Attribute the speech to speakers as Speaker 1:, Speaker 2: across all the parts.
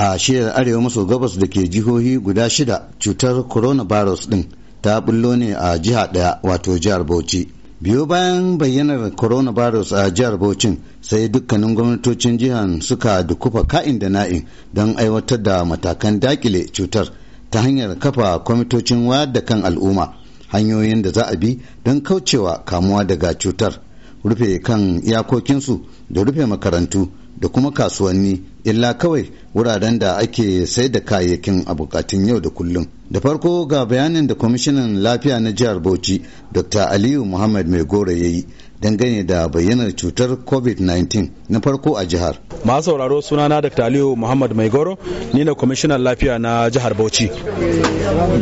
Speaker 1: a shiyar arewa maso gabas da ke jihohi guda shida cutar coronavirus din ta bullo ne a jiha daya wato jihar bauchi biyo bayan bayyanar coronavirus a jihar Bauchi sai dukkanin gwamnatocin jihar suka dukufa ka'in da na'in don aiwatar da matakan dakile cutar ta hanyar kafa kwamitocin wayar da kan al'umma hanyoyin da za a bi don kaucewa kamuwa daga cutar rufe kan iyakokinsu da rufe makarantu da kuma kasuwanni illa kawai wuraren da ake sai da kayayyakin a bukatun yau da kullum. Da farko ga bayanin da kwamishinan lafiya na jihar Bauchi, Dr. Aliyu Muhammad Mai Gora ya yi dangane da bayyanar cutar covid-19 na farko a jihar masu sauraro
Speaker 2: sunana dr aliyu muhammad maigoro ni na kwamishinan lafiya na jihar bauchi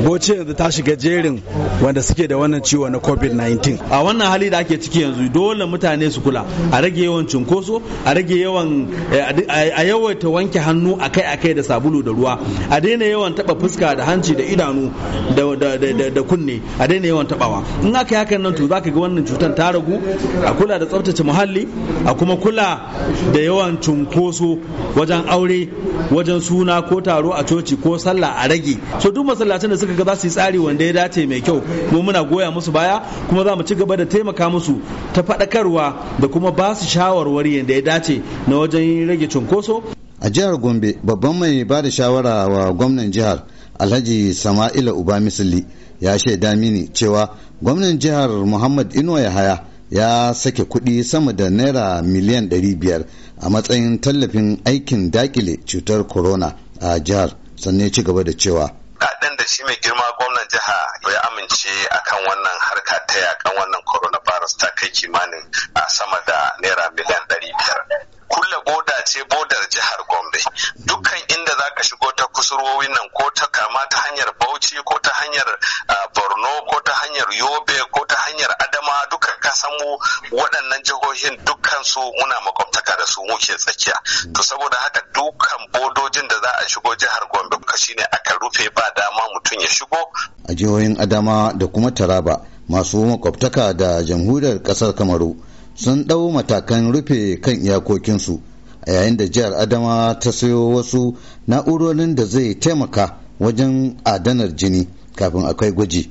Speaker 2: bauchi yanzu ta shiga jerin wanda suke da wannan ciwo na covid-19 a wannan hali da ake ciki yanzu dole mutane su kula a rage yawan cunkoso a rage yawan eh, a yawaita wanke hannu akai-akai da sabulu da ruwa a daina yawan taba fuska da hanci da idanu da kunne a daina yawan tabawa in aka yi hakan nan to zaka ga wannan cutar ta ragu a kula da tsaftace muhalli a kuma kula da yawan cunkoso wajen aure wajen suna ko taro a coci ko sallah a rage so duk masallacin da suka ga za su yi tsari wanda ya dace mai kyau mu muna goya musu baya kuma za mu ci gaba da taimaka musu ta faɗakarwa da kuma ba su shawarwari yadda ya dace na wajen rage cunkoso
Speaker 1: a jihar gombe babban mai ba da shawara wa gwamnan jihar alhaji sama'ila uba misali ya shaida mini cewa gwamnan jihar muhammad inuwa yahaya ya sake kuɗi sama da naira miliyan 500 a matsayin tallafin aikin dakile cutar corona a jihar sannan ya ci gaba da cewa
Speaker 2: kaɗan da shi mai girma gwamnan jiha ya amince akan wannan harka ta yakan wannan coronavirus ta kai kimanin a sama da naira miliyan ɗari. Mm. to saboda haka dukkan bodojin da za a shigo jihar Gombe shine aka rufe ba dama mutum ya shigo
Speaker 1: a jihohin Adama da kuma Taraba masu makwabtaka da jamhuriyar kasar Kamaru sun ɗau matakan rufe kan iyakokinsu a yayin da jihar Adama ta sayo wasu na'urorin da zai taimaka wajen adanar jini kafin akwai gwaji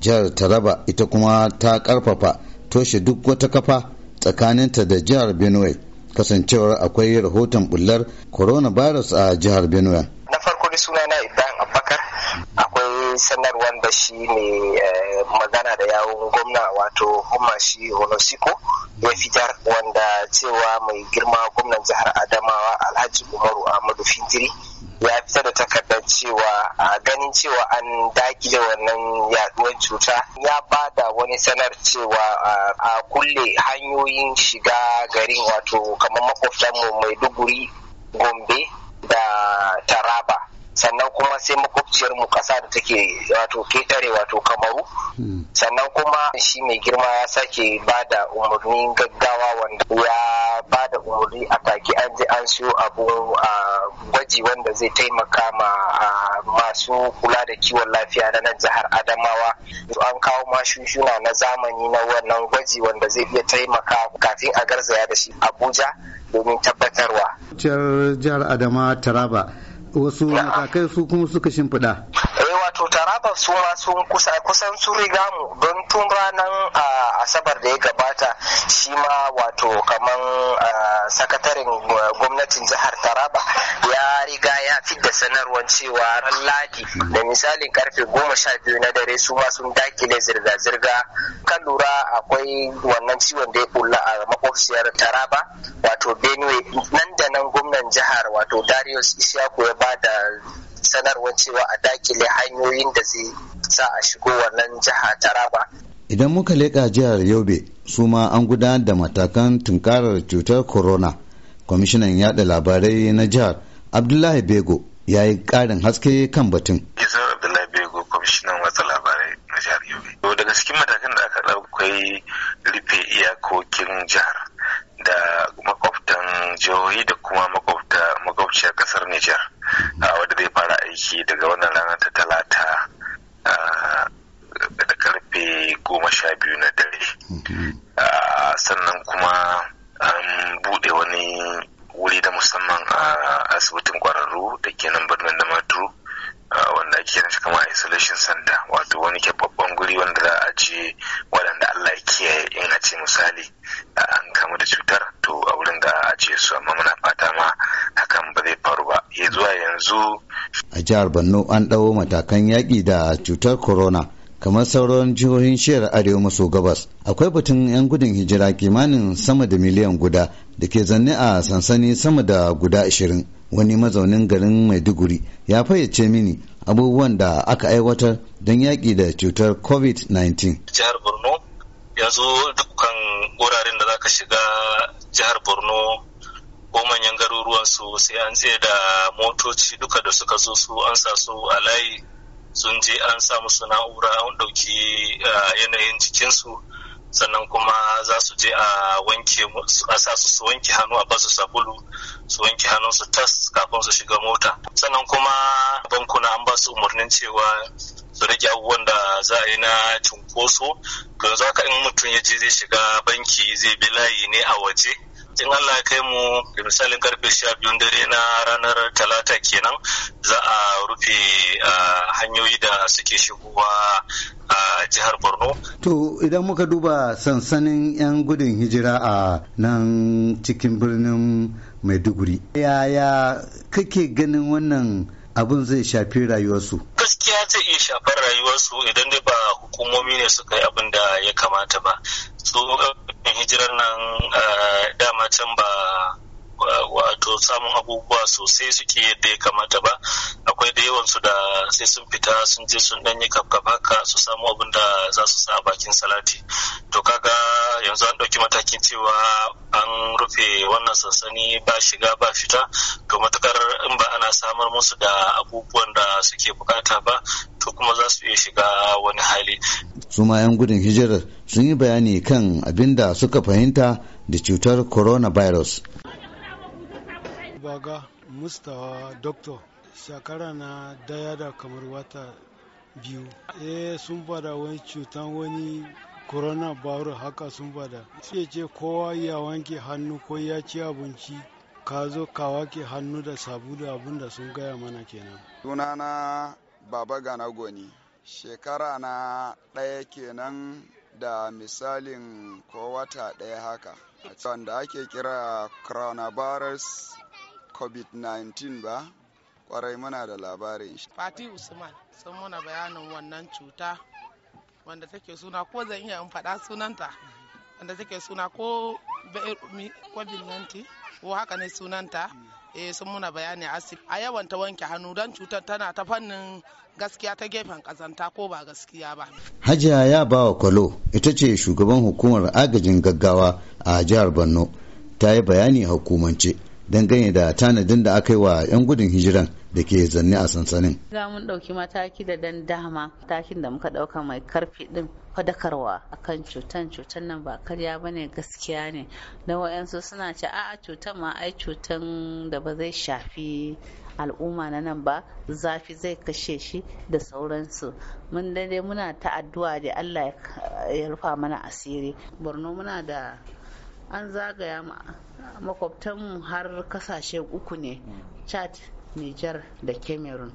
Speaker 1: jihar taraba ita kuma ta karfafa toshe duk wata kafa tsakaninta da jihar benue kasancewar akwai rahoton bullar coronavirus a jihar benue na farko da suna na ibrahim abubakar akwai sanarwar da shi ne
Speaker 3: eh, magana da yawon gwamna wato humashi honosiko ya fitar wanda cewa mai girma gwamnan jihar adamawa alhaji umaru ahmadu fintiri ya fita da takardar cewa a ganin cewa an dakile wannan yaduwar cuta ya ba da wani sanar cewa a kulle hanyoyin shiga garin wato kamar makwabtanmu maiduguri gombe da taraba sannan kuma sai makwabciyar mu kasa da take wato ketare wato kamaru hmm. sannan kuma shi mai girma ya sake ba da umarnin gaggawa wanda ya ba da umarni a take an je an siyo abu a gwaji wanda zai taimaka ma masu kula da kiwon lafiya na nan jihar adamawa an kawo mashushuna na zamani na wannan gwaji wanda zai iya taimaka kafin a garzaya da shi abuja domin tabbatarwa
Speaker 1: jihar adama taraba wasu matakai su kuma suka shimfiɗa eh, wato
Speaker 3: taraba su sun kusan sun riga mu don tun ranar ah, asabar da ya shi ma wato kamar sakataren gwamnatin jihar taraba ya riga ya fi da sanarwar cewa ran ladi da misalin karfe goma sha biyu na dare su ma sun dakile zirga-zirga kan lura akwai wannan ciwon da ya bulla a makwabciyar taraba wato benue nan da nan gwamnan jihar wato darius ishaku ya ba da sanarwar cewa a dakile hanyoyin da zai sa a shigo wannan
Speaker 1: jiha taraba idan muka leƙa jihar yobe su ma an gudanar da matakan tunkarar cutar corona kwamishinan yada labarai na jihar abdullahi bego ya yi ƙarin haske kan batun
Speaker 2: kwamishinan watsa labarai na jihar yobe to daga cikin matakan da aka ɗaukai rufe iyakokin jihar da makwabtan jihohi da kuma makwabciyar ƙasar nijar wadda zai fara aiki daga wannan rana ta talata sannan kuma an buɗe wani wuri da musamman a asibitin ƙwararru da ke nan birnin da maturu wanda ake kiran shi kama isolation center wato wani babban guri wanda za a ce waɗanda Allah ya kiyaye in a ce misali an kamu da cutar to a wurin da a ce su amma muna fata ma hakan ba zai faru ba ya zuwa
Speaker 1: yanzu a jihar Borno an ɗau matakan yaƙi da cutar corona kamar sauran jihohin shiyar arewa maso gabas akwai batun 'yan gudun hijira kimanin sama da miliyan guda da ke zanne a sansani sama da guda ashirin wani mazaunin garin maiduguri ya fayyace mini abubuwan da aka aiwatar don yaƙi da cutar covid-19 jihar borno yanzu dukkan wuraren da zaka shiga
Speaker 2: jihar borno ko manyan garuruwansu sai an tsaye da motoci duka da suka zo su an sa su a layi sun je an sa musu na'ura an ɗauki yanayin jikinsu sannan kuma za su je a wanke a sa su wanke hannu a basu sabulu su wanke su tas kafin su shiga mota sannan kuma bankuna an ba su umarnin cewa su rage abubuwan da za a yi na cunkoso don ka in mutum ya je zai shiga banki zai bi layi ne a waje in Allah ya kai mu da misalin karfe sha biyun dare na ranar talata kenan za a rufe hanyoyi da suke shigowa a
Speaker 1: jihar borno to idan muka duba sansanin 'yan gudun hijira a nan cikin birnin maiduguri yaya kake ganin wannan abin zai shafi rayuwarsu gaskiya zai iya shafar rayuwarsu idan dai ba hukumomi ne suka yi abin
Speaker 2: da ya kamata ba so hijirar nan dama ba wato samun abubuwa sosai suke yadda ya kamata ba akwai da yawan su da sai sun fita sun je sun danyi kafkafaka su samu abin da za su sa bakin salati to kaga yanzu an ɗauki matakin cewa an rufe wannan sansani ba shiga ba fita to matukar in ba ana samar musu da abubuwan da suke bukata ba to kuma za su iya shiga wani hali
Speaker 1: su ma 'yan gudun hijirar sun yi bayani kan abin da suka fahimta da cutar coronavirus. Baga
Speaker 2: Mustawa doktor shekara na daya da kamar wata biyu. Eh sun bada wani cutan wani corona virus haka sun bada. Sai ce kowa ya wanke hannu ko ya ci abinci ka zo ka wake hannu da sabu da abin da sun gaya mana kenan. Sunana Baba Gana Goni shekara na ɗaya kenan da misalin ko wata ɗaya haka da ake kira coronavirus covid-19 ba kwarai muna da labarin shi fati usman sun muna bayanin wannan cuta wanda take suna ko zan iya in faɗa sunanta wanda take suna ko covid-19 ko haka ne sunanta eh sun muna bayani asib a yawan ta wanke hannu don cutar tana ta fannin gaskiya ta gefen kazanta ko ba
Speaker 1: gaskiya ba hajiya ya bawa kwalo ita ce shugaban hukumar agajin gaggawa a jihar borno ta yi bayani a hukumance dangane da tanadin da aka yi wa 'yan gudun hijiran da ke zanne a sansanin. Za mu ɗauki mataki da dan dama matakin da muka ɗauka mai karfi ɗin fadakarwa akan cutan cutan nan ba karya ba ne gaskiya ne da wayansu suna ce a'a cutan ma ai cutan da ba zai shafi al'umma na nan ba zafi zai kashe shi da sauransu mun dai muna ta addu'a da Allah ya rufa mana asiri borno muna da an zagaya makwabtanmu har kasashe uku ne chad Nijar da Cameroon.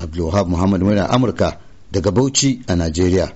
Speaker 1: Abdulwahab Muhammad Muna Amurka daga Bauchi a Najeriya.